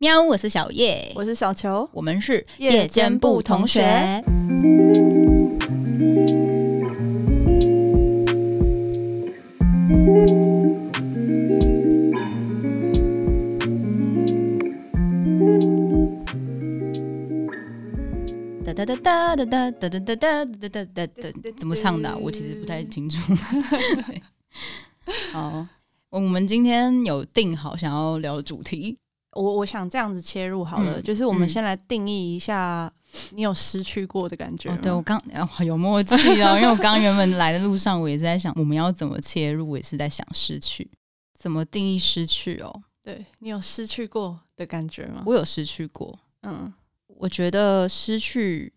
喵，我是小葉，我是小球，我們是夜間部同學。噠噠噠噠噠噠噠噠噠噠噠噠，怎麼唱的啊？我其實不太清楚，嗚嗚嗚。 好，我們今天有定好想要聊的主題。我我想這樣子切入好了，嗯、就是我們先來定義一下，你有失去過的感覺、哦？對我剛、哦、有默契哦， 因為我剛原本來的路上，我也是在想我們要怎麼切入，我也是在想失去，怎麼定義失去哦。對，你有失去過的感覺嗎？我有失去過，嗯，我覺得失去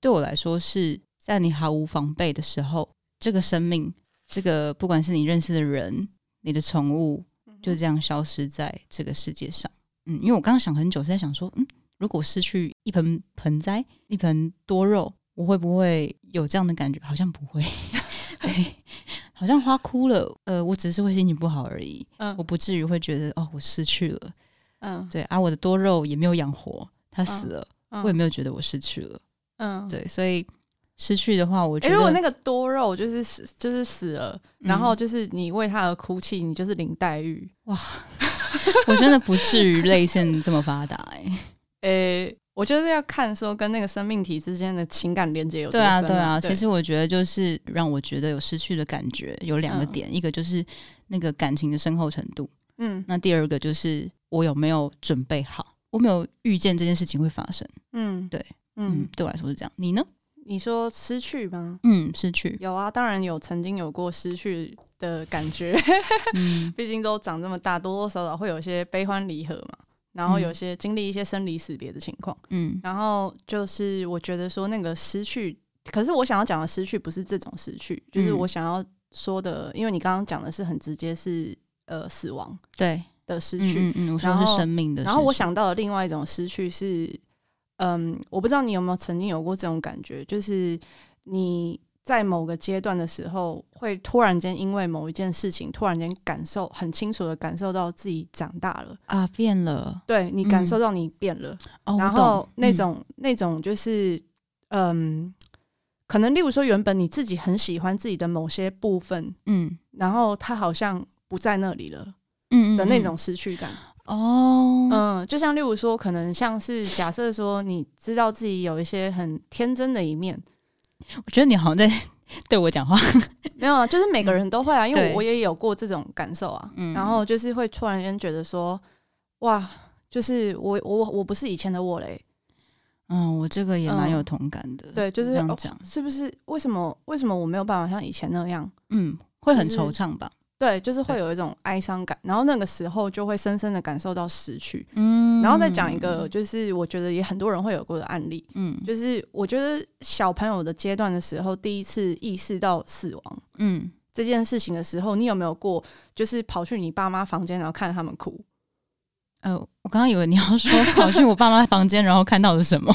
對我來說是在你毫無防備的時候，這個生命，這個不管是你認識的人，你的寵物，就這樣消失在這個世界上。嗯，因為我剛剛想很久，是在想說，嗯，如果失去一盆盆栽，一盆多肉，我會不會有這樣的感覺？好像不會， 對，好像花枯了，呃，我只是會心情不好而已，嗯，我不至於會覺得哦，我失去了，嗯，對，而、啊、我的多肉也沒有養活，它死了，嗯、我也沒有覺得我失去了，嗯，對，所以失去的話，我覺得、欸、如果那個多肉就是死，就是死了，然後就是你為它而哭泣，你就是林黛玉，哇。 我真的不至於淚腺這麼發達哎、欸 欸。我覺得要看說跟那個生命體之間的情感連接有多深，啊。對啊，對啊，對啊。其實我覺得就是讓我覺得有失去的感覺有兩個點，嗯、一個就是那個感情的深厚程度，嗯。那第二個就是我有沒有準備好，我沒有預見這件事情會發生。嗯，對，嗯，對我來說是這樣。你呢？你說失去嗎？嗯，失去有啊，當然有，曾經有過失去的感覺。 嗯、畢竟都長這麼大，多多少少會有一些悲歡離合嘛。然後有些經歷一些生離死別的情況。嗯，然後就是我覺得說那個失去，可是我想要講的失去不是這種失去，就是我想要說的，因為你剛剛講的是很直接是，是呃死亡對的失去，對然後、嗯嗯、我是生命的失去。然後我想到了另外一種失去是。嗯，我不知道你有沒有曾經有過這種感覺，就是你在某個階段的時候，會突然間因為某一件事情，突然間感受很清楚地感受到自己長大了啊，變了，對，你感受到你變了，嗯、然後、哦、那種那種就是嗯，嗯可能例如說原本你自己很喜歡自己的某些部分，嗯，然後他好像不在那裡了的那種失去感。嗯嗯哦，oh、嗯，就像例如說，可能像是假設說，你知道自己有一些很天真的一面，我覺得你好像在對我講話，沒有啊，就是每個人都會啊，嗯、因為我也有過這種感受啊，對然後就是會突然間覺得說，哇，就是我我我不是以前的我嘞，嗯，我這個也蠻有同感的，嗯、對，就是這樣講、哦，是不是？為什麼為什麼我沒有辦法像以前那樣？嗯，會很惆悵吧。對，就是會有一種哀傷感，對然後那個時候就會深深的感受到失去。嗯，然後再講一個，就是我覺得也很多人會有過的案例，嗯，就是我覺得小朋友的階段的時候，第一次意識到死亡，嗯，這件事情的時候，你有沒有過，就是跑去你爸媽房間，然後看他們哭？呃，我剛剛以為你要說跑去我爸媽房間， 然後看到了什麼，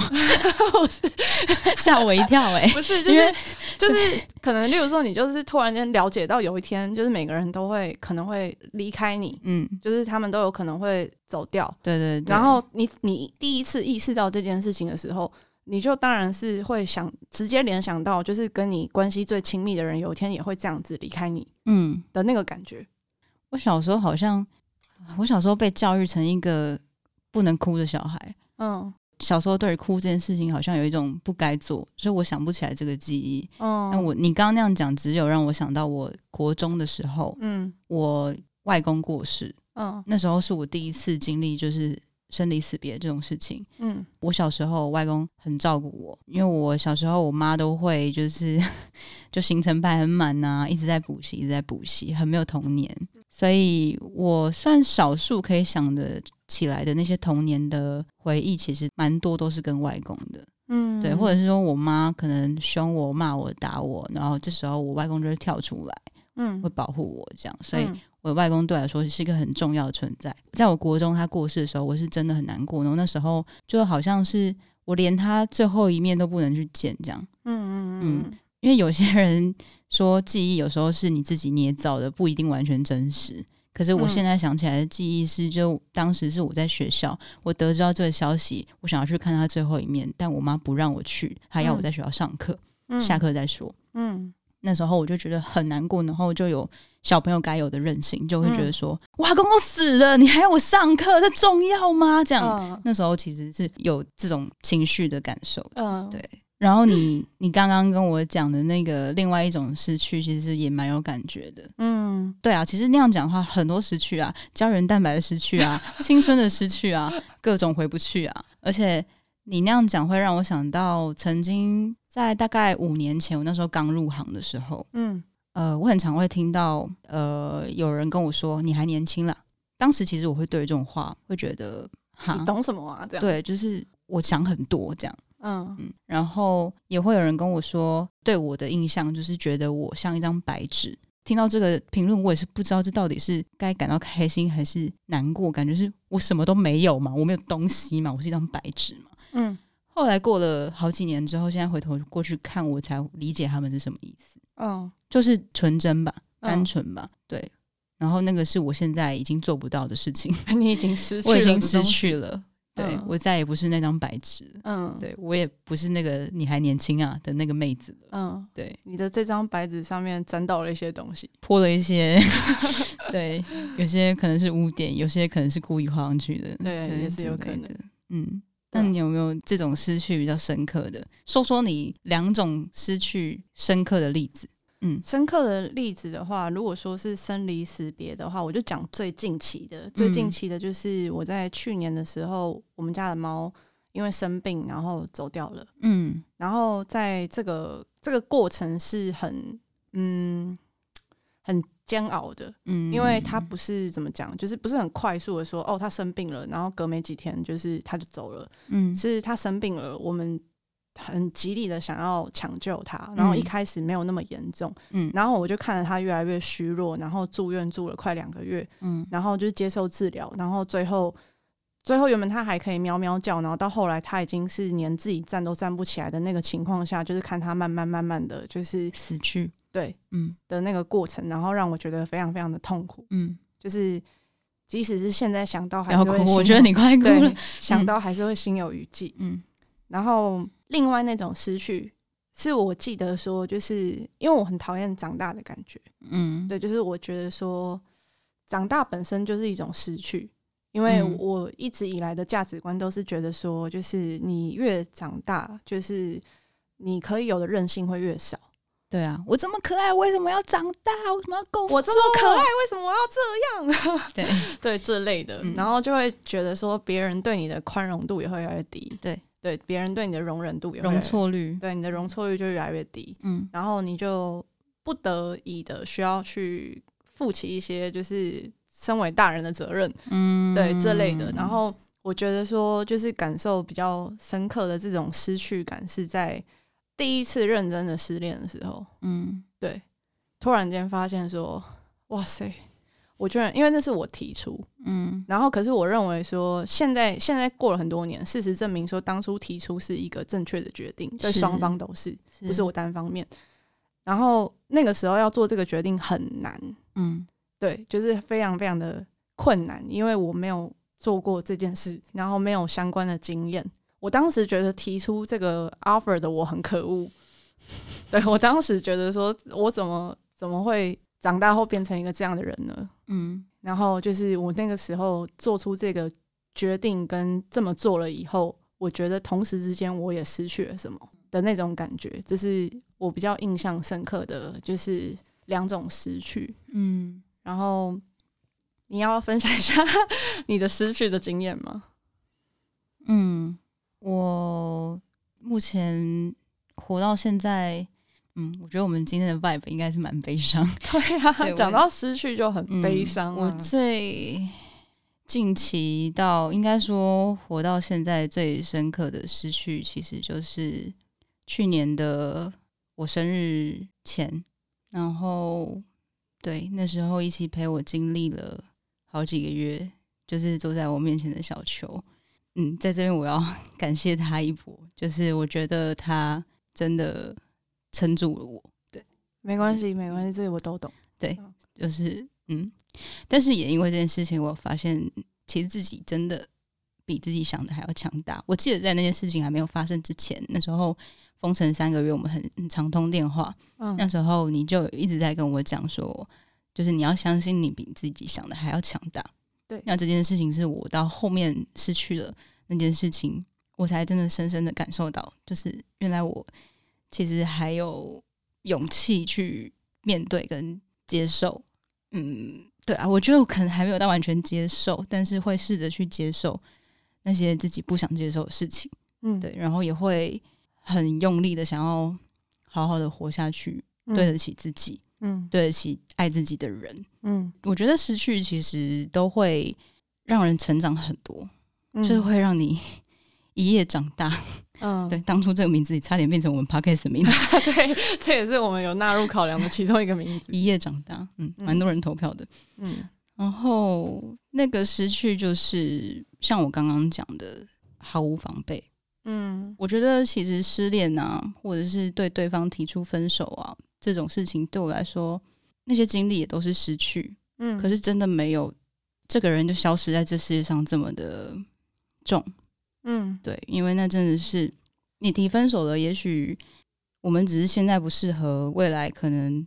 嚇 我，我是 我一跳哎、欸！不是，就是因為就是可能，例如說你就是突然間了解到，有一天就是每個人都會可能會離開你，嗯，就是他們都有可能會走掉，對，對對。然後你你第一次意識到這件事情的時候，你就當然是會想直接聯想到，就是跟你關係最親密的人，有一天也會這樣子離開你，嗯，的那個感覺、嗯。我小時候好像。我小時候被教育成一個不能哭的小孩，嗯、哦，小時候對於哭這件事情好像有一種不該做，所以我想不起來這個記憶。那、哦、我你剛剛那樣講，只有讓我想到我國中的時候，嗯，我外公過世，嗯、哦，那時候是我第一次經歷就是生離死別這種事情，嗯，我小時候外公很照顧我，因為我小時候我媽都會就是 就行程排很滿吶、啊，一直在補習，一直在補習，很沒有童年。所以我算少數可以想得起來的那些童年的回憶，其實蠻多都是跟外公的，嗯，對，或者是說我媽可能兇我、罵我、打我，然後這時候我外公就會跳出來，嗯，會保護我這樣，所以我外公對我來說是一個很重要的存在。在我國中他過世的時候，我是真的很難過，然後那時候就好像是我連他最後一面都不能去見這樣，嗯嗯嗯。因為有些人說記憶有時候是你自己捏造的，不一定完全真實。可是我現在想起來的記憶是就，就、嗯、當時是我在學校，我得知到這個消息，我想要去看他最後一面，但我媽不讓我去，她要我在學校上課，嗯、下課再說。嗯，那時候我就覺得很難過，然後就有小朋友該有的任性，就會覺得說：“嗯、哇，公公死了，你還要我上課，這重要嗎？”這樣，呃、那時候其實是有這種情緒的感受的。嗯、呃，對。然後你、嗯、你剛剛跟我講的那個另外一種失去，其實也蠻有感覺的。嗯，對啊，其實那樣講的話很多失去啊，膠原蛋白的失去啊， 青春的失去啊，各種回不去啊。而且你那樣講會讓我想到，曾經在大概五年前，我那時候剛入行的時候，嗯，呃，我很常會聽到，呃，有人跟我說你還年輕了。當時其實我會對這種話會覺得，哈，你懂什麼啊？對，就是我想很多這樣。嗯嗯，然後也會有人跟我說，對我的印象就是覺得我像一張白紙。聽到這個評論，我也是不知道這到底是該感到開心還是難過。感覺是我什麼都沒有嘛，我沒有東西嘛，我是一張白紙嘛。嗯，後來過了好幾年之後，現在回頭過去看，我才理解他們是什麼意思。嗯、哦，就是純真吧，單純吧，哦、對。然後那個是我現在已經做不到的事情，你已經失去， 我已經失去了。對，我再也不是那張白紙。嗯，對，我也不是那個你還年輕啊的那個妹子了。嗯，對，你的這張白紙上面沾到了一些東西，潑了一些。 對，有些可能是污點，有些可能是故意畫上去的。對，對也是有可能的。嗯，對那你有沒有這種失去比較深刻的？說說你兩種失去深刻的例子。嗯，深刻的例子的話，如果說是生離死別的話，我就講最近期的。最近期的就是我在去年的時候，嗯、我們家的貓因為生病然後走掉了。嗯，然後在這個這個過程是很嗯很煎熬的。嗯，因為它不是怎麼講，就是不是很快速的說哦，它生病了，然後隔沒幾天就是它就走了。嗯，是它生病了，我們。很極力的想要搶救他，嗯、然後一開始沒有那麼嚴重，嗯，然後我就看着他越來越虛弱，然後住院住了快兩個月，嗯，然後就是接受治療，然後最後，最後原本他還可以喵喵叫，然後到後來他已經是連自己站都站不起來的那個情況下，就是看他慢慢慢慢的就是死去，對，嗯的那個過程，然後讓我覺得非常非常的痛苦，嗯，就是即使是現在想到還是會哭，我覺得你快哭了，對嗯、想到還是會心有餘悸，嗯，嗯然後。另外那種失去，是我記得說，就是因為我很討厭長大的感覺，嗯，對，就是我覺得說長大本身就是一種失去，因為我一直以來的價值觀都是覺得說，就是你越長大，就是你可以有的任性會越少。對啊，我這麼可愛，為什麼要長大？為什麼要工作？我這麼可愛，為什麼我要這樣？ 對對，這類的，嗯、然後就會覺得說，別人對你的寬容度也會越來越低。對。對，別人對你的容忍度有，有容錯率，對你的容錯率就越來越低，嗯，然後你就不得已的需要去負起一些就是身為大人的責任，嗯，對這類的。然後我覺得說，就是感受比較深刻的這種失去感，是在第一次認真的失戀的時候，嗯，對，突然間發現說，哇塞。我覺得，因為那是我提出，嗯，然後可是我認為說，現在現在過了很多年，事實證明說當初提出是一個正確的決定，是對雙方都是，不是我單方面。是然後那個時候要做這個決定很難，嗯，對，就是非常非常的困難，因為我沒有做過這件事，然後沒有相關的經驗。我當時覺得提出這個 offer 的我很可惡，對我當時覺得說，我怎麼怎麼會？長大後變成一個這樣的人呢？嗯，然後就是我那個時候做出這個決定跟這麼做了以後，我覺得同時之間我也失去了什麼的那種感覺，這是我比較印象深刻的就是兩種失去。嗯，然後你要分享一下你的失去的經驗嗎？嗯，我目前活到現在。嗯，我覺得我們今天的 vibe 應該是蠻悲傷的。對啊，講到失去就很悲傷啊 嗯。我最近期到，應該說活到現在最深刻的失去，其實就是去年的我生日前，然後對，那時候一起陪我經歷了好幾個月，就是坐在我面前的小球。嗯，在這邊我要感謝他一波，就是我覺得他真的。撐住了我，我對，沒關係，對沒關係，這我都懂。對，就是，嗯，但是也因為這件事情，我發現其實自己真的比自己想的還要強大。我記得在那件事情還沒有發生之前，那時候封城三個月，我們很，很常通電話。嗯，那時候你就一直在跟我講說，就是你要相信你比自己想的還要強大。對，那這件事情是我到後面失去了那件事情，我才真的深深的感受到，就是原來我。其實還有勇氣去面對跟接受，嗯，對啊，我覺得我可能還沒有到完全接受，但是會試着去接受那些自己不想接受的事情，嗯，對，然後也會很用力的想要好好的活下去，嗯、對得起自己，嗯，對得起愛自己的人，嗯，我覺得失去其實都會讓人成長很多，就是會讓你、嗯。一夜長大，嗯，對，當初這個名字也差點變成我們 podcast 的名字， 對，這也是我們有納入考量的其中一個名字。一夜長大，嗯，蠻、嗯、多人投票的，嗯，然後那個失去就是像我剛剛講的，毫無防備，嗯，我覺得其實失戀啊，或者是對對方提出分手啊這種事情，對我來說，那些經歷也都是失去，嗯，可是真的沒有這個人就消失在這世界上這麼的重。嗯，對，因為那真的是你提分手了，也許我們只是現在不適合，未來可能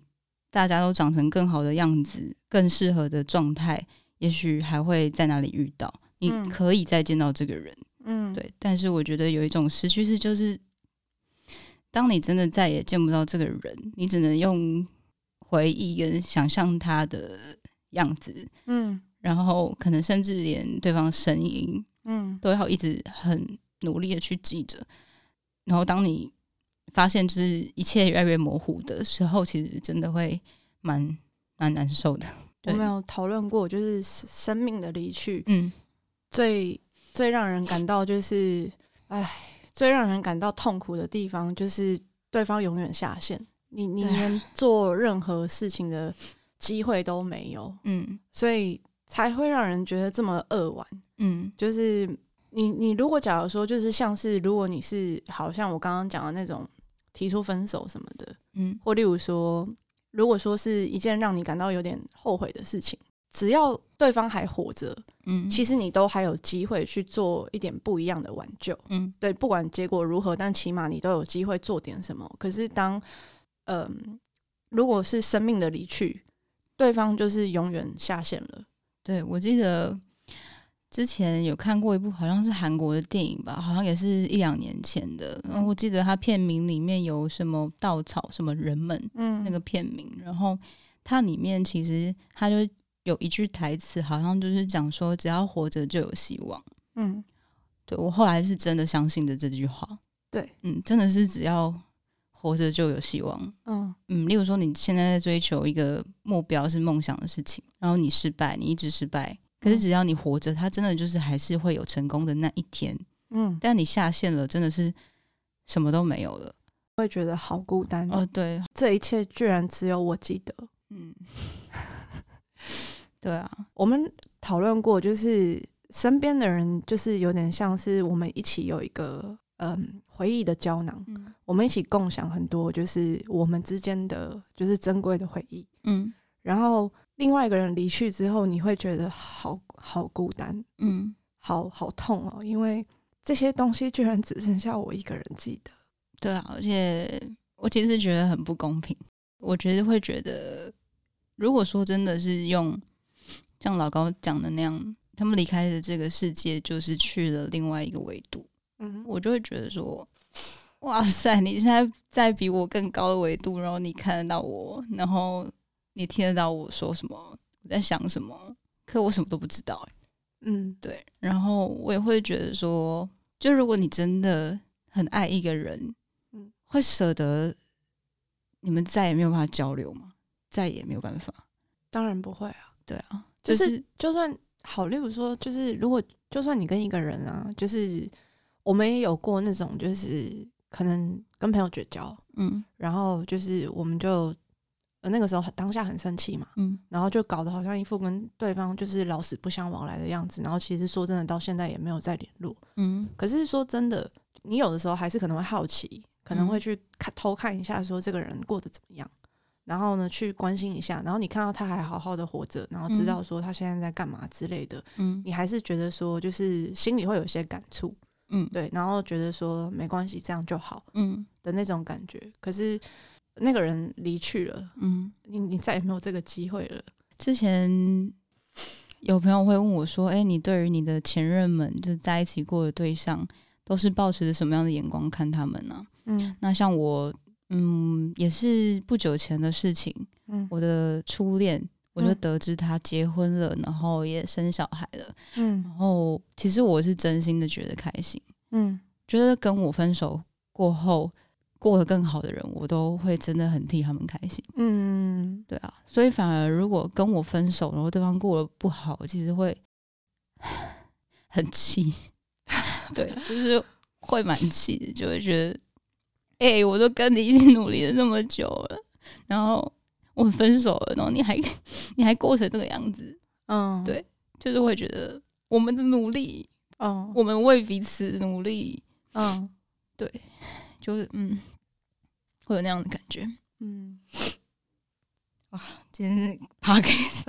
大家都長成更好的樣子，更適合的狀態，也許還會在哪裡遇到，你可以再見到這個人。嗯，對，但是我覺得有一種失去是，就是當你真的再也見不到這個人，你只能用回憶跟想象他的樣子，嗯，然後可能甚至連對方聲音。嗯，都要一直很努力的去記着，然後當你發現就是一切越來越模糊的時候，其實真的會蠻蠻難受的。我們有討論過，就是生命的離去，嗯，最最讓人感到就是，哎，最讓人感到痛苦的地方就是對方永遠下線，你你連做任何事情的機會都沒有，嗯，對，所以。才會讓人覺得這麼扼腕，嗯，就是你你如果假如說就是像是如果你是好像我剛剛講的那種提出分手什麼的，嗯，或例如說如果說是一件讓你感到有點後悔的事情，只要對方還活着，嗯，其實你都還有機會去做一點不一樣的挽救，嗯，對，不管結果如何，但起碼你都有機會做點什麼。可是當嗯、呃，如果是生命的離去，對方就是永遠下線了。對，我記得之前有看過一部好像是韓國的電影吧，好像也是一兩年前的。然後我記得它片名裡面有什麼稻草，什麼人們，嗯，那個片名。嗯，然後它裡面其實它就有一句台詞，好像就是講說只要活着就有希望。嗯，對，我後來是真的相信的這句話。對，嗯，真的是只要。活着就有希望。嗯嗯，例如說，你現在在追求一個目標是夢想的事情，然後你失敗，你一直失敗，可是只要你活着，它真的就是還是會有成功的那一天。嗯，但你下線了，真的是什麼都沒有了，會覺得好孤單。哦，對，這一切居然只有我記得。嗯， 對啊，我們討論過，就是身邊的人，就是有點像是我們一起有一個。嗯，回憶的膠囊，嗯、我們一起共享很多，就是我們之間的就是珍貴的回憶。嗯，然後另外一個人離去之後，你會覺得好好孤單，嗯，好好痛哦，因為這些東西居然只剩下我一個人記得。對啊，而且我其實覺得很不公平。我覺得會覺得，如果說真的是用像老高講的那樣，他們離開的這個世界，就是去了另外一個維度。嗯，我就會覺得說，哇塞，你現在在比我更高的維度，然後你看得到我，然後你聽得到我說什麼，我在想什麼，可我什麼都不知道。嗯，對。然後我也會覺得說，就如果你真的很愛一個人，嗯，會捨得你們再也沒有辦法交流嗎？再也沒有辦法？當然不會啊。對啊，就是、就是、就算好，例如說，就是如果就算你跟一個人啊，就是。我們也有過那種，就是可能跟朋友絕交，嗯，然後就是我們就、呃、那個時候很當下很生氣嘛，嗯、然後就搞得好像一副跟對方就是老死不相往來的樣子，然後其實說真的，到現在也沒有再聯絡，嗯，可是說真的，你有的時候還是可能會好奇，可能會去看、嗯、偷看一下，說這個人過得怎麼樣，然後呢去關心一下，然後你看到他還好好的活着，然後知道說他現在在幹嘛之類的，嗯，你還是覺得說就是心裡會有一些感觸。嗯，對，然後覺得說沒關係，這樣就好，嗯的那種感覺。可是那個人離去了，嗯，你你再也沒有這個機會了。之前有朋友會問我說：“哎，你對於你的前任們，就是在一起過的對象，都是抱持着什麼樣的眼光看他們呢？”嗯，那像我，嗯，也是不久前的事情，嗯，我的初戀。我就得知他結婚了，嗯、然後也生小孩了。嗯，然後其實我是真心的覺得開心。嗯，覺得跟我分手過後過得更好的人，我都會真的很替他們開心。嗯，嗯，嗯，對啊，所以反而如果跟我分手，然後對方過得不好，其實會 很氣。 對，就是會蠻氣的，就會覺得，哎、欸，我都跟你一起努力了那麼久了，然後。我們分手了，然後你還你還過成這個樣子，嗯，對，就是會覺得我們的努力，嗯，我們為彼此努力，嗯，對，就是嗯，會有那樣的感覺，嗯。哇，今天是 podcast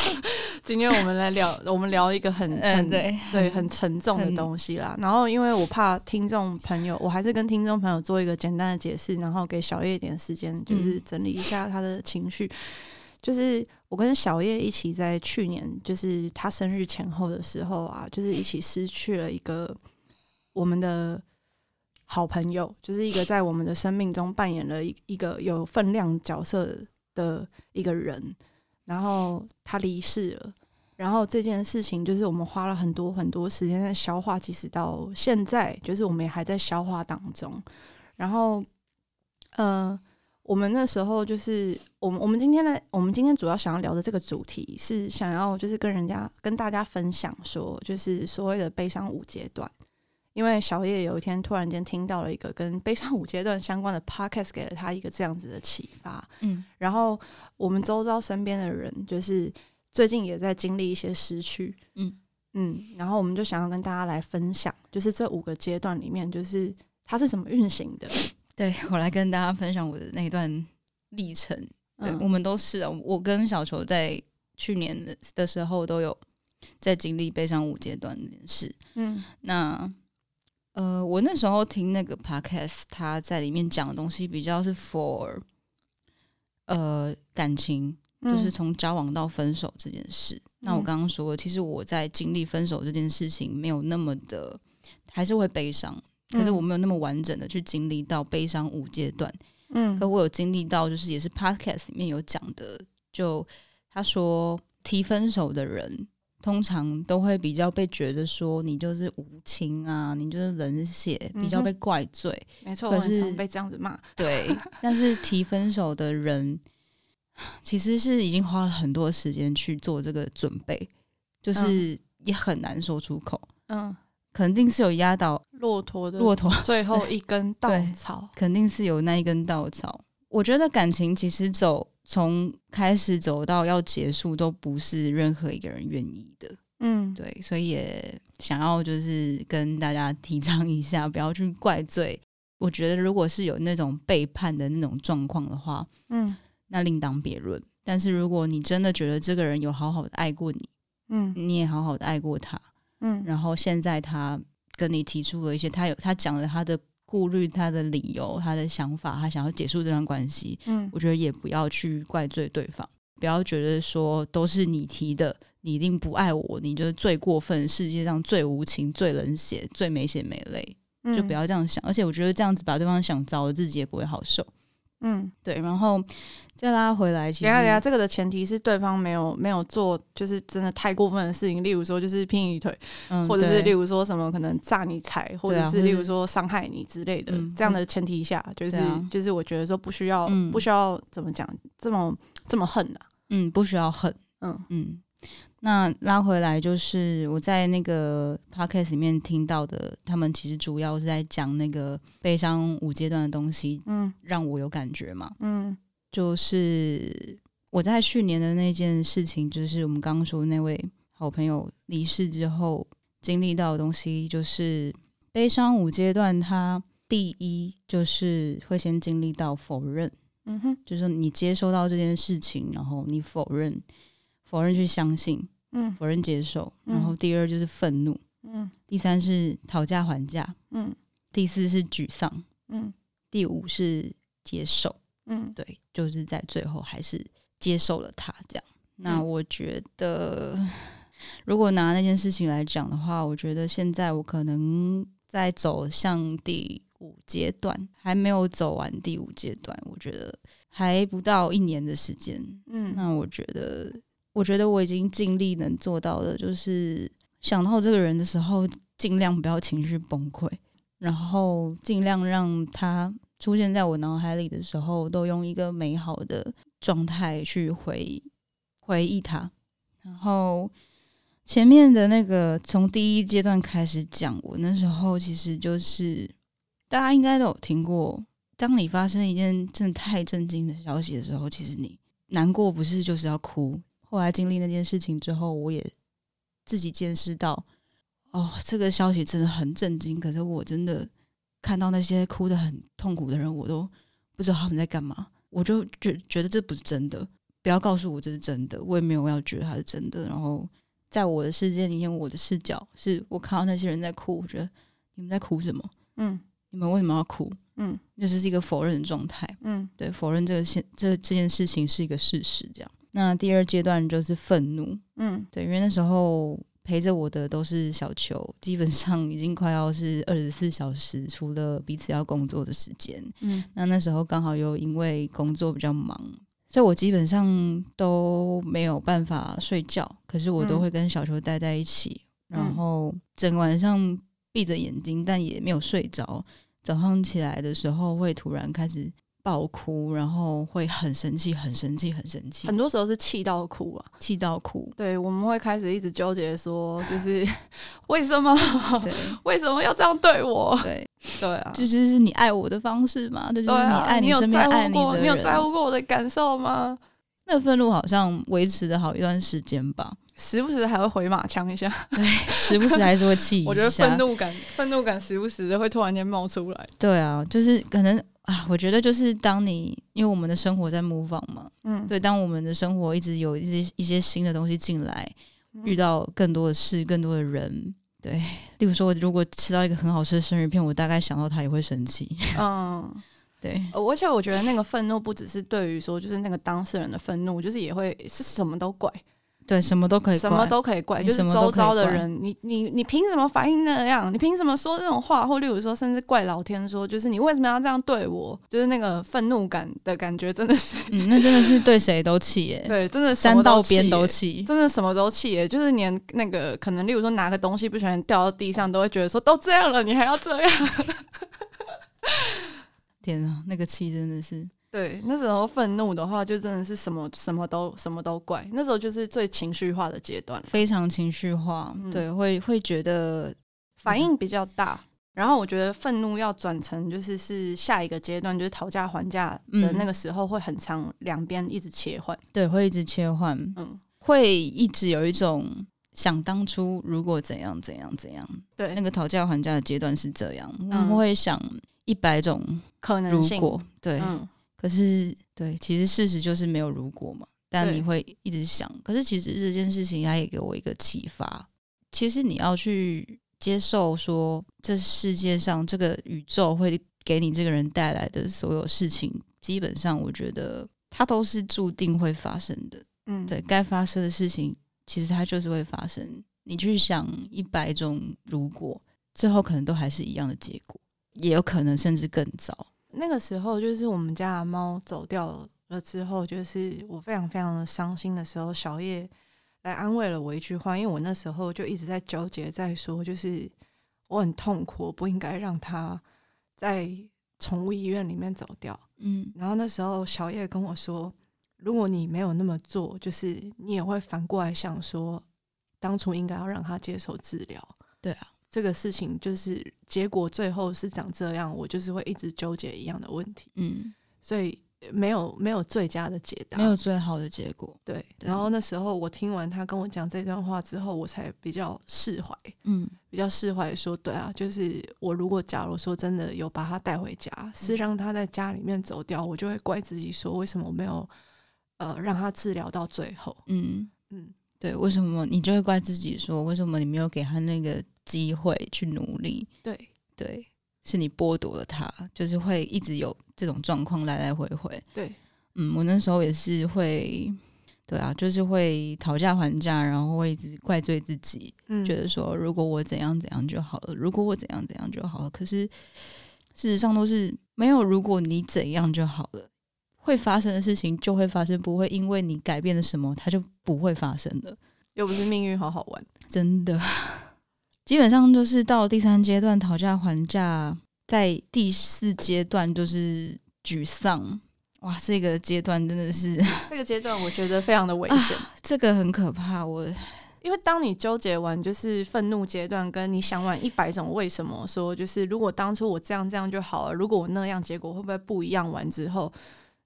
今天我們來聊，我們聊一個很很、嗯、對，對很沉重的東西啦。很然後，因為我怕聽眾朋友，我還是跟聽眾朋友做一個簡單的解釋，然後給小葉一點時間，就是整理一下他的情緒。嗯、就是我跟小葉一起在去年，就是他生日前後的時候啊，就是一起失去了一個我們的好朋友，就是一個在我們的生命中扮演了一一個有分量角色的。的一個人，然後他離世了，然後這件事情就是我們花了很多很多時間在消化，即使到現在，就是我們也還在消化當中。然後，呃，我們那時候就是我們我們今天的我們今天主要想要聊的這個主題是想要就是跟人家跟大家分享說，就是所謂的悲傷五階段。因為小葉有一天突然間聽到了一個跟悲傷五階段相關的 podcast，給了他一個這樣子的啟發。嗯，然後我們周遭身邊的人，就是最近也在經歷一些失去。嗯嗯，然後我們就想要跟大家來分享，就是這五個階段裡面，就是它是怎麼運行的對。對我來跟大家分享我的那段歷程。嗯，我們都是啊，我跟小球在去年的時候都有在經歷悲傷五階段這件事。嗯，那。呃，我那時候聽那個 podcast，他在裡面講的東西比較是 for，呃，感情，嗯、就是從交往到分手這件事。嗯、那我剛剛說的，其實我在經歷分手這件事情，沒有那麼的，還是會悲傷，可是我沒有那麼完整的去經歷到悲傷五階段。嗯，可我有經歷到，就是也是 podcast 裡面有講的，就他說提分手的人。通常都會比較被覺得說你就是無情啊，你就是冷血，比較被怪罪。嗯、沒錯，可是我常被這樣子罵。對， 但是提分手的人其實是已經花了很多時間去做這個準備，就是也很難說出口。嗯，肯定是有壓倒駱、嗯、駝的駱駝最後一根稻草，肯定是有那一根稻草。我覺得感情其實走。從開始走到要結束，都不是任何一個人願意的。嗯，對，所以也想要就是跟大家提倡一下，不要去怪罪。我覺得，如果是有那種背叛的那種狀況的話，嗯，那另當別論。但是，如果你真的覺得這個人有好好的愛過你，嗯，你也好好的愛過他，嗯，然後現在他跟你提出了一些，他有他講了他的。顧慮他的理由，他的想法，他想要結束這段關係。嗯，我覺得也不要去怪罪對方，不要覺得說都是你提的，你一定不愛我，你就是最過分，世界上最無情、最冷血、最沒血沒淚，就不要這樣想。嗯、而且我覺得這樣子把對方想糟了，自己也不會好受。嗯，對，然後再拉回來其實等下，對啊，等下這個的前提是對方沒有沒有做，就是真的太過分的事情，例如說就是劈你腿，嗯、或者是例如說什麼可能詐你財，或者是例如說傷害你之類的。嗯、這樣的前提下，就是、嗯、就是我覺得說不需要、嗯、不需要怎麼講這麼這麼恨了、啊、嗯，不需要恨，嗯嗯。嗯那拉回來，就是我在那個 podcast 裡面聽到的，他們其實主要是在講那個悲傷五階段的東西。嗯，讓我有感覺嘛。嗯，就是我在去年的那件事情，就是我們剛剛說的那位好朋友離世之後經歷到的東西，就是悲傷五階段。他第一就是會先經歷到否認。嗯哼，就是你接收到這件事情，然後你否認。否認去相信，嗯，否認接受，嗯，然後第二就是憤怒，嗯，第三是討價還價，嗯，第四是沮喪，嗯，第五是接受，嗯，對，就是在最後還是接受了他這樣。那我覺得，如果拿那件事情來講的話，我覺得現在我可能在走向第五階段，還沒有走完第五階段，我覺得還不到一年的時間，嗯，那我覺得。我覺得我已經盡力能做到的，就是想到這個人的時候，盡量不要情緒崩潰，然後盡量讓他出現在我腦海裡的時候，都用一個美好的狀態去回憶，回憶他。然後前面的那個從第一階段開始講，我那時候其實就是大家應該都有聽過，當你發生一件真的太震驚的消息的時候，其實你難過不是就是要哭。後來經歷那件事情之後，我也自己見識到，哦，這個消息真的很震驚。可是我真的看到那些哭得很痛苦的人，我都不知道他們在幹嘛。我就覺覺得這不是真的，不要告訴我這是真的。我也沒有要覺得它是真的。然後在我的世界裡面，我的視角是我看到那些人在哭，我覺得你們在哭什麼？嗯，你們為什麼要哭？嗯，那就是一個否認的狀態。嗯，對，否認這個現這這件事情是一個事實，這樣。那第二階段就是憤怒，嗯，對，因為那時候陪着我的都是小球，基本上已經快要是二十四小時，除了彼此要工作的時間，嗯，那那時候剛好又因為工作比較忙，所以我基本上都沒有辦法睡覺，可是我都會跟小球待在一起，嗯，然後整個晚上閉着眼睛，但也沒有睡着，早上起來的時候會突然開始。爆哭，然後會很生氣，很生氣，很生氣。很多時候是氣到哭啊，氣到哭。對，我們會開始一直糾結說，說就是為什麼，對為什麼要這樣對我？對對啊，這就,就是你愛我的方式嗎？這就,就是你愛你身邊愛你的人，你有在乎過我的感受嗎？那憤怒好像維持了好一段時間吧，時不時還會回馬槍一下。對，時不時還是會氣一下。 我覺得憤怒感， 憤怒感時不時的會突然間冒出來。對啊，就是可能。啊，我覺得就是當你因為我們的生活在 move on 嘛，嗯，對，當我們的生活一直有一些一些新的東西進來，遇到更多的事、更多的人，對，例如說我如果吃到一個很好吃的生魚片，我大概想到他也會生氣，嗯，對，而且我覺得那個憤怒不只是對於說就是那個當事人的憤怒，就是也會是什麼都怪。對，什麼都可以，什麼都可以怪，以怪就是周遭的人，你你你憑什麼反應那樣？你憑什麼說這種話？或例如說，甚至怪老天說，就是你為什麼要這樣對我？就是那個憤怒感的感覺，真的是，嗯，那真的是對誰都氣耶、欸，對，真的三道邊都氣，真的什麼都氣耶、欸欸，就是連那個可能例如說拿個東西不小心掉到地上，都會覺得說，都這樣了，你還要這樣？ 天哪、啊，那個氣真的是。對，那時候憤怒的話，就真的是什麼什麼都什麼都怪。那時候就是最情緒化的階段，非常情緒化。嗯、對，會會覺得反應比較大。常然後我覺得憤怒要轉成就是是下一個階段，就是討價還價的那個時候會很長，兩邊一直切換、嗯。對，會一直切換。嗯，會一直有一種想當初如果怎樣怎樣怎樣。對，那個討價還價的階段是這樣，嗯、我會想一百種可能性。對。嗯可是，對，其實事實就是沒有如果嘛。但你會一直想，對可是其實這件事情它也給我一個啟發。其實你要去接受說，說這世界上這個宇宙會給你這個人帶來的所有事情，基本上我覺得它都是注定會發生的。嗯，對，該發生的事情，其實它就是會發生。你去想一百種如果，最後可能都還是一樣的結果，也有可能甚至更糟。那個時候就是我們家的貓走掉了之後，就是我非常非常的傷心的時候，小葉來安慰了我一句話，因為我那時候就一直在糾結，在說就是我很痛苦，我不應該讓它在寵物醫院裡面走掉，嗯，然後那時候小葉跟我說，如果你沒有那麼做，就是你也會反過來想說，當初應該要讓他接受治療。對啊。這個事情就是結果，最後是長這樣。我就是會一直糾結一樣的問題，嗯，所以沒有沒有最佳的解答，沒有最好的結果。對，然後那時候我聽完他跟我講這段話之後，我才比較釋懷，嗯，比較釋懷。說對啊，就是我如果假如說真的有把他帶回家，嗯、是讓他在家裡面走掉，我就會怪自己說，為什麼我沒有呃讓他治療到最後？嗯嗯，嗯對，為什麼你就會怪自己說，為什麼你沒有給他那個？機會去努力，對對，是你剝奪了他，就是會一直有這種狀況來來回回。對，嗯，我那時候也是會，對啊，就是會討價還價，然後會一直怪罪自己，嗯，覺得說如果我怎樣怎樣就好了，如果我怎樣怎樣就好了。可是事實上都是沒有，如果你怎樣就好了，會發生的事情就會發生，不會因為你改變了什麼，它就不會發生了。又不是命運好好玩，真的。基本上就是到第三階段討價還價，在第四階段就是沮喪。哇，這個階段真的是這個階段，我覺得非常的危險。啊，這個很可怕。我因為當你糾結完就是憤怒階段，跟你想完一百種為什麼說，就是如果當初我這樣這樣就好了，如果我那樣，結果會不會不一樣？完之後，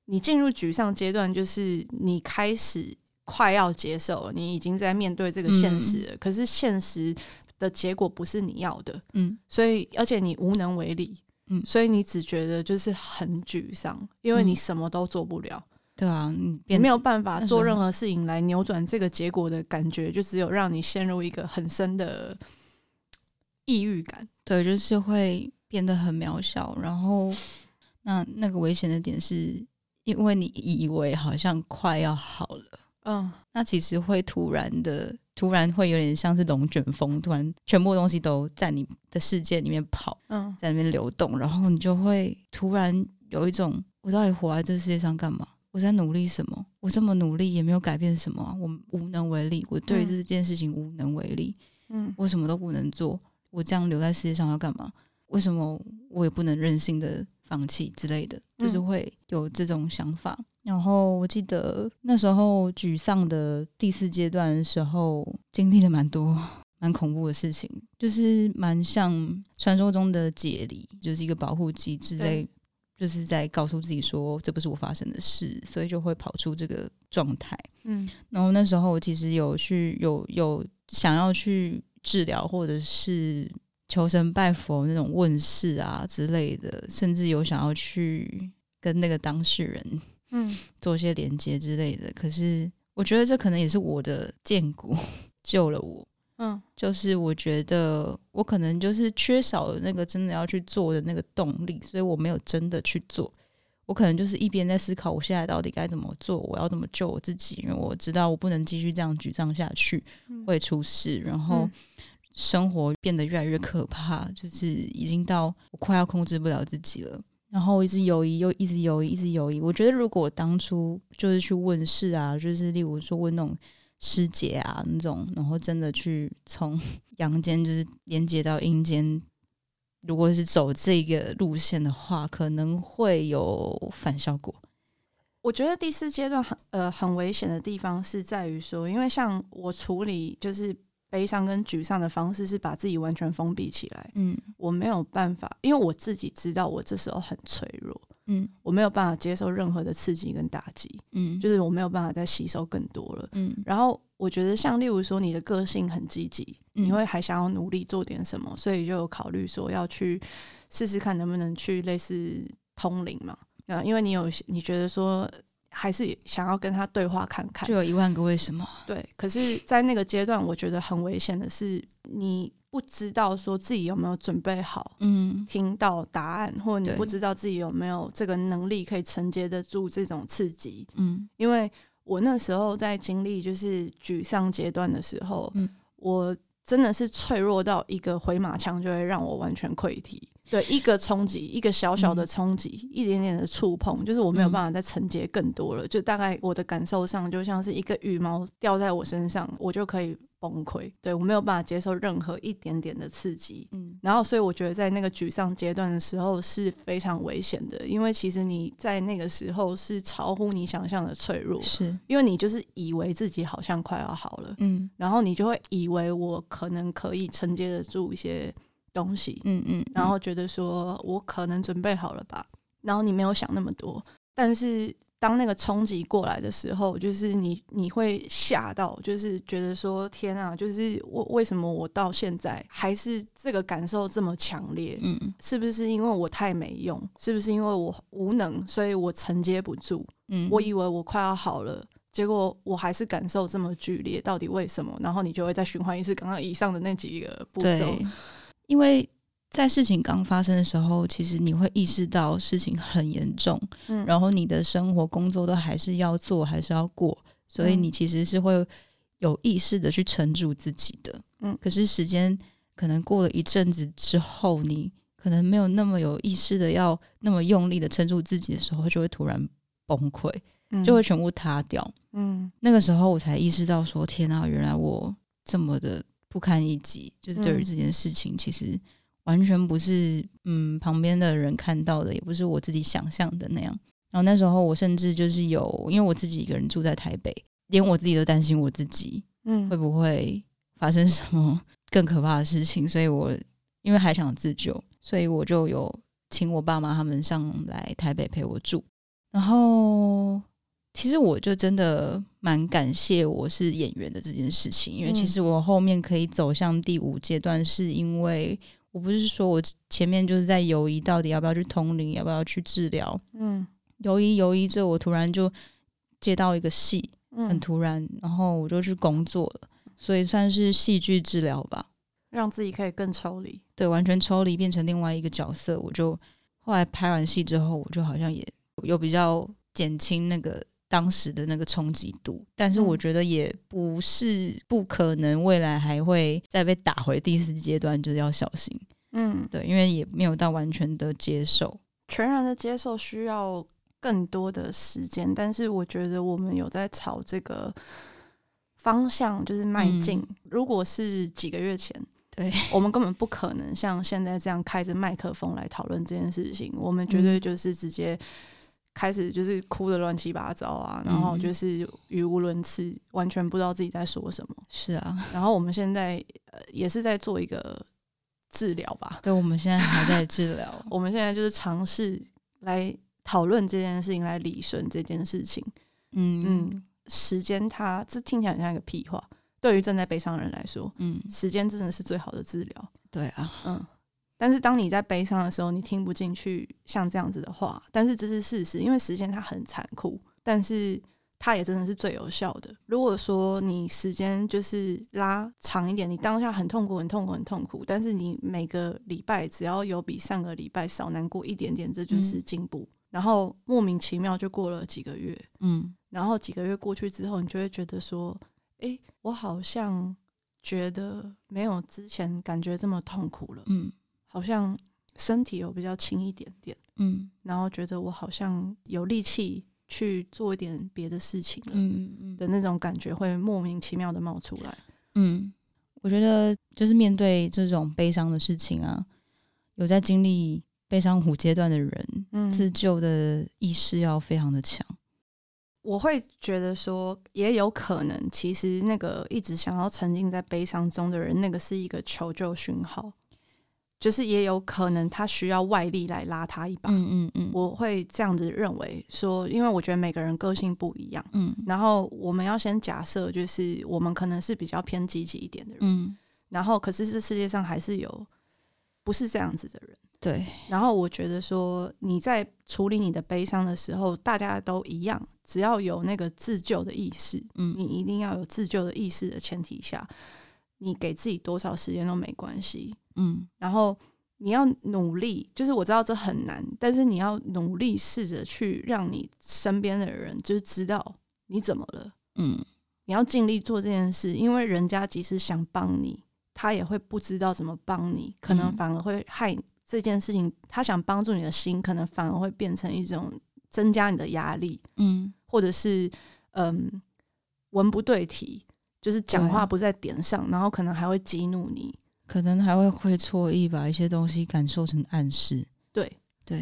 你進入沮喪階段，就是你開始快要接受了，你已經在面對這個現實了，嗯。可是現實，的結果不是你要的，嗯，所以而且你無能為力，嗯，所以你只覺得就是很沮喪，嗯、因為你什麼都做不了，嗯、對啊，你，你沒有辦法做任何事情來扭轉這個結果的感覺，就只有讓你陷入一個很深的抑鬱感，對，就是會變得很渺小，然後那那個危險的點是因為你以為好像快要好了。嗯，oh. 那其實會突然的，突然會有點像是龍捲風，突然全部東西都在你的世界裡面跑，嗯，oh. 在那邊流動，然後你就會突然有一種，我到底活在這世界上幹嘛？我在努力什麼？我這麼努力也沒有改變什麼啊？我無能為力，我對於這件事情無能為力，嗯，我什麼都不能做，我這樣留在世界上要幹嘛？為什麼我也不能任性的放棄之類的，嗯、就是會有這種想法。然後我記得那時候沮喪的第四階段的時候，經歷了蠻多蠻恐怖的事情，就是蠻像傳說中的解離，就是一個保護機制在，嗯、就是在告訴自己說這不是我發生的事，所以就會跑出這個狀態。嗯，然後那時候我其實有去有有想要去治療，或者是。求神拜佛那種問事啊之類的，甚至有想要去跟那個當事人，嗯，做些連接之類的。嗯、可是我覺得這可能也是我的建國救了我，嗯，就是我覺得我可能就是缺少了那個真的要去做的那個動力，所以我沒有真的去做。我可能就是一邊在思考我現在到底該怎麼做，我要怎麼救我自己，因為我知道我不能繼續這樣沮喪下去會出事，嗯、然後。嗯生活變得越來越可怕，就是已經到我快要控制不了自己了。然後一直猶豫，又一直猶豫，一直猶豫。我覺得如果我當初就是去問事啊，就是例如說，問那種師姐啊那種，然後真的去從陽間就是連接到陰間，如果是走這個路線的話，可能會有反效果。我覺得第四階段很呃很危險的地方是在於說，因為像我處理就是。悲傷跟沮喪的方式是把自己完全封閉起來。嗯，我沒有辦法，因為我自己知道我這時候很脆弱。嗯，我沒有辦法接受任何的刺激跟打擊。嗯，就是我沒有辦法再吸收更多了。嗯，然後我覺得，像例如說，你的個性很積極，你會還想要努力做點什麼，嗯，所以就有考慮說要去試試看能不能去類似通靈嘛。啊，因為你有你覺得說。還是想要跟他對話看看，就有一萬個為什麼。對，可是，在那個階段，我覺得很危險的是，你不知道說自己有沒有準備好，嗯，聽到答案，嗯，或者你不知道自己有沒有這個能力可以承接得住這種刺激，嗯，因為我那時候在經歷就是沮喪階段的時候，嗯，我。真的是脆弱到一個回馬槍就會讓我完全潰堤，對一個衝擊，一個小小的衝擊，嗯、一點點的觸碰，就是我沒有辦法再承接更多了。嗯、就大概我的感受上，就像是一個羽毛掉在我身上，我就可以。崩潰，對我沒有辦法接受任何一點點的刺激，嗯，然後所以我覺得在那個沮喪階段的時候是非常危險的，因為其實你在那個時候是超乎你想象的脆弱，是，因為你就是以為自己好像快要好了，嗯，然後你就會以為我可能可以承接得住一些東西，嗯，嗯嗯，然後覺得說我可能準備好了吧，然後你沒有想那麼多，但是。當那個衝擊過來的時候，就是你你會嚇到，就是覺得說天啊，就是為為什麼我到現在還是這個感受這麼強烈？嗯，是不是因為我太沒用？是不是因為我無能，所以我承接不住？嗯，我以為我快要好了，結果我還是感受這麼劇烈，到底為什麼？然後你就會再循環一次剛剛以上的那幾個步驟，因為。在事情剛發生的時候，其實你會意識到事情很嚴重，嗯，然後你的生活、工作都還是要做，還是要過，所以你其實是會有意識的去撐住自己的，嗯，可是時間可能過了一陣子之後，你可能沒有那麼有意識的要那麼用力的撐住自己的時候，就會突然崩潰，嗯，就會全部塌掉，嗯，那個時候我才意識到說：“天啊，原來我這麼的不堪一擊。”就是對於這件事情，其實。完全不是，嗯，旁邊的人看到的，也不是我自己想象的那樣。然後那時候我甚至就是有，因為我自己一個人住在台北，連我自己都擔心我自己，嗯，會不會發生什麼更可怕的事情？所以我因為還想自救，所以我就有請我爸媽他們上來台北陪我住。然後其實我就真的蠻感謝我是演員的這件事情，因為其實我後面可以走向第五階段，是因為。我不是說我前面就是在猶豫到底要不要去通靈，要不要去治療。嗯，猶豫猶豫之後，我突然就接到一個戲，嗯，很突然，然後我就去工作了，所以算是戲劇治療吧，讓自己可以更抽離。對，完全抽離，變成另外一個角色。我就後來拍完戲之後，我就好像也有比較減輕那個，當時的那個衝擊度，但是我覺得也不是不可能，未來還會再被打回第四階段，就是要小心。嗯，對，因為也沒有到完全的接受，全然的接受需要更多的時間。但是我覺得我們有在朝這個方向就是邁進。嗯。如果是幾個月前，對，我們根本不可能像現在這樣開着麥克風來討論這件事情，我們絕對就是直接。開始就是哭得亂七八糟啊，然後就是語無倫次，嗯、完全不知道自己在說什麼。是啊，然後我們現在、呃、也是在做一個治療吧。對，我們現在還在治療。 我們現在就是嘗試來討論這件事情，來理順這件事情。嗯，嗯，時間它這聽起來很像一個屁話，對於正在悲傷人來說，嗯，時間真的是最好的治療。對啊，嗯。但是當你在悲傷的時候，你聽不進去像這樣子的話。但是這是事實，因為時間它很殘酷，但是它也真的是最有效的。如果說你時間就是拉長一點，你當下很痛苦、很痛苦、很痛苦，但是你每個禮拜只要有比上個禮拜少難過一點點，這就是進步。嗯，然後莫名其妙就過了幾個月，嗯，然後幾個月過去之後，你就會覺得說：“哎，欸，我好像覺得沒有之前感覺這麼痛苦了。”嗯。好像身體有比較輕一點點，嗯，然後覺得我好像有力氣去做一點別的事情了，嗯嗯，嗯的那種感覺會莫名其妙的冒出來，嗯，我覺得就是面對這種悲傷的事情啊，有在經歷悲傷五階段的人，自救的意識要非常的強，嗯。我會覺得說，也有可能，其實那個一直想要沉浸在悲傷中的人，那個是一個求救訊號。就是也有可能他需要外力來拉他一把，嗯嗯嗯，我會這樣子認為說，因為我覺得每個人個性不一樣，嗯，然後我們要先假設，就是我們可能是比較偏積極一點的人，嗯，然後可是這世界上還是有不是這樣子的人，對，然後我覺得說你在處理你的悲傷的時候，大家都一樣，只要有那個自救的意識，嗯，你一定要有自救的意識的前提下。你給自己多少時間都沒關係，嗯，然後你要努力，就是我知道這很難，但是你要努力試着去讓你身邊的人就是知道你怎麼了，嗯，你要盡力做這件事，因為人家即使想幫你，他也會不知道怎麼幫你，可能反而會害你這件事情。他想幫助你的心，可能反而會變成一種增加你的壓力，嗯，或者是嗯、呃，文不對題。就是講話不在點上，對然後可能還會激怒你，可能還會會錯意，把一些東西感受成暗示。對對，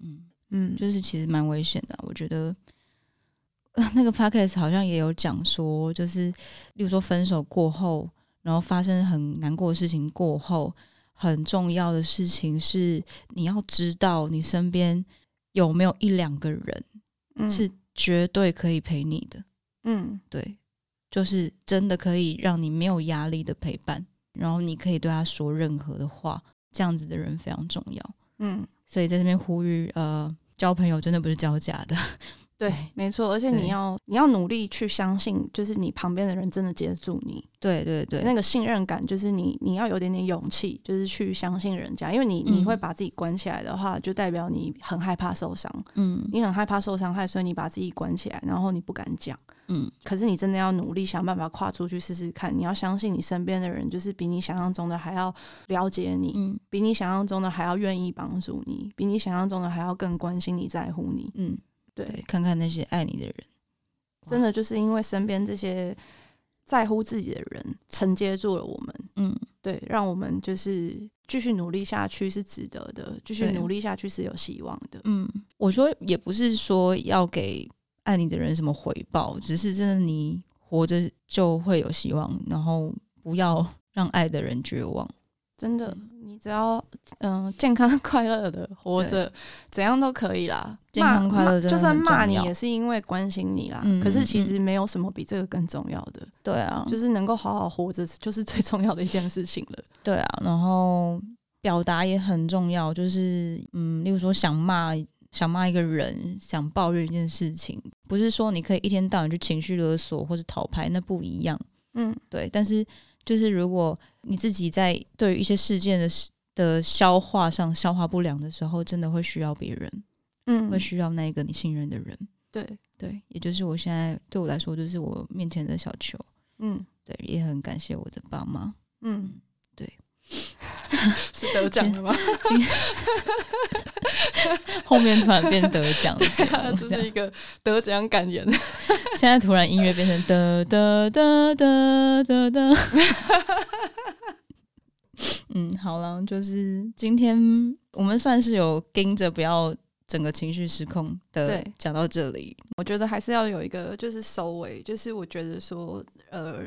嗯對嗯，嗯就是其實蠻危險的。我覺得那個 podcast 好像也有講說，就是例如說分手過後，然後發生很難過的事情過後，很重要的事情是你要知道你身邊有沒有一兩個人，嗯，是絕對可以陪你的。嗯，對。就是真的可以讓你沒有壓力的陪伴，然後你可以對他說任何的話，這樣子的人非常重要。嗯，所以在這邊呼籲，呃，交朋友真的不是交假的。對，沒錯，而且你要對你要努力去相信，就是你旁邊的人真的接得住你。對對對，那個信任感，就是你你要有點點勇氣，就是去相信人家。因為你你會把自己關起來的話，嗯、就代表你很害怕受傷，嗯，你很害怕受傷害，所以你把自己關起來，然後你不敢講，嗯。可是你真的要努力想辦法跨出去試試看。你要相信你身邊的人，就是比你想象中的還要了解你，嗯、比你想象中的還要願意幫助你，比你想象中的還要更關心你在乎你，嗯。對，對，看看那些愛你的人，真的就是因為身邊這些在乎自己的人，承接住了我們。嗯，對，讓我們就是繼續努力下去是值得的，繼續努力下去是有希望的。嗯，我說也不是說要給愛你的人什麼回報，只是真的你活着就會有希望，然後不要讓愛的人絕望。真的，你只要嗯、呃、健康快樂的活着，怎樣都可以啦。健康快樂的就算罵你，也是因為關心你啦。嗯、可是其實沒有什麼比這個更重要的。對啊、嗯，就是能夠好好活着，就是最重要的一件事情了。對啊，然後表達也很重要，就是嗯，例如說想罵、想罵一個人，想抱怨一件事情，不是說你可以一天到晚就情緒勒索或是討拍，那不一樣。嗯，對，但是。就是如果你自己在對於一些事件的的消化上消化不良的時候，真的會需要別人，嗯，會需要那個你信任的人，對對，也就是我現在對我來說，就是我面前的小球，嗯，對，也很感謝我的爸媽，嗯，對。 是得獎了嗎今今？後面突然變得獎，這是一個得獎感言。樣現在突然音樂變成得得得得得得。得得得得 嗯，好了，就是今天我們算是有盯着，不要整個情緒失控的講對到這裡。我覺得還是要有一個，就是收尾，就是我覺得說，呃。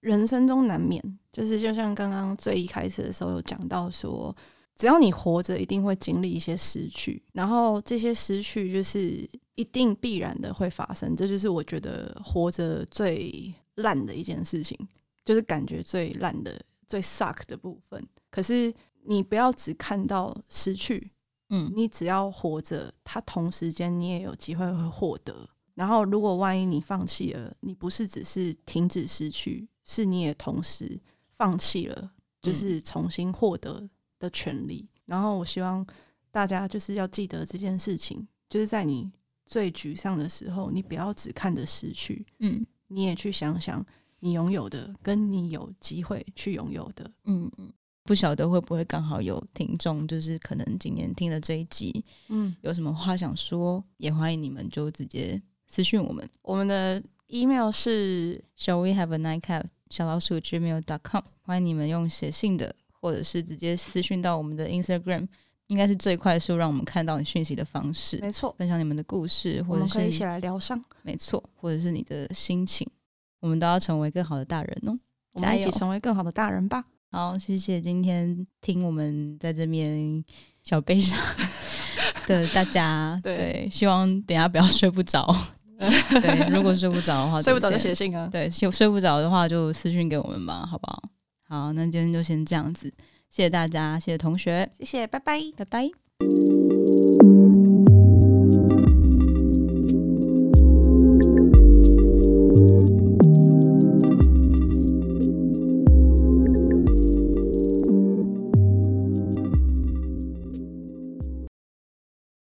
人生中難免，就是就像剛剛最一開始的時候有講到說，只要你活着，一定會經歷一些失去，然後這些失去就是一定必然的會發生。這就是我覺得活着最爛的一件事情，就是感覺最爛的、最 suck 的部分。可是你不要只看到失去，嗯，你只要活着，它同時間你也有機會會獲得。然後如果萬一你放棄了，你不是只是停止失去。是，你也同時放棄了，就是重新獲得的權利。嗯、然後，我希望大家就是要記得這件事情，就是在你最沮喪的時候，你不要只看着失去，嗯，你也去想想你擁有的，跟你有機會去擁有的，嗯嗯。不曉得會不會剛好有聽眾，就是可能今天聽了這一集，嗯，有什麼話想說，也歡迎你們就直接私訊我們。我們的 email 是 shall we have a nightcap，小老鼠 Gmail.com，歡迎你們用寫信的，或者是直接私訊到我們的 Instagram，應該是最快速讓我們看到你訊息的方式。沒錯錯，分享你們的故事，或者是可以一起來療傷。沒錯，或者是你的心情，我們都要成為更好的大人哦。我們一起成為更好的大人吧。好，謝謝今天聽我們在這邊小悲傷的大家， 對，對，希望等下不要睡不着。 對，如果睡不着的話，睡不着就寫信啊。對，睡睡不着的話就私訊給我們吧，好不好？好，那今天就先這樣子，謝謝大家，謝謝同學，謝謝，拜拜，拜拜。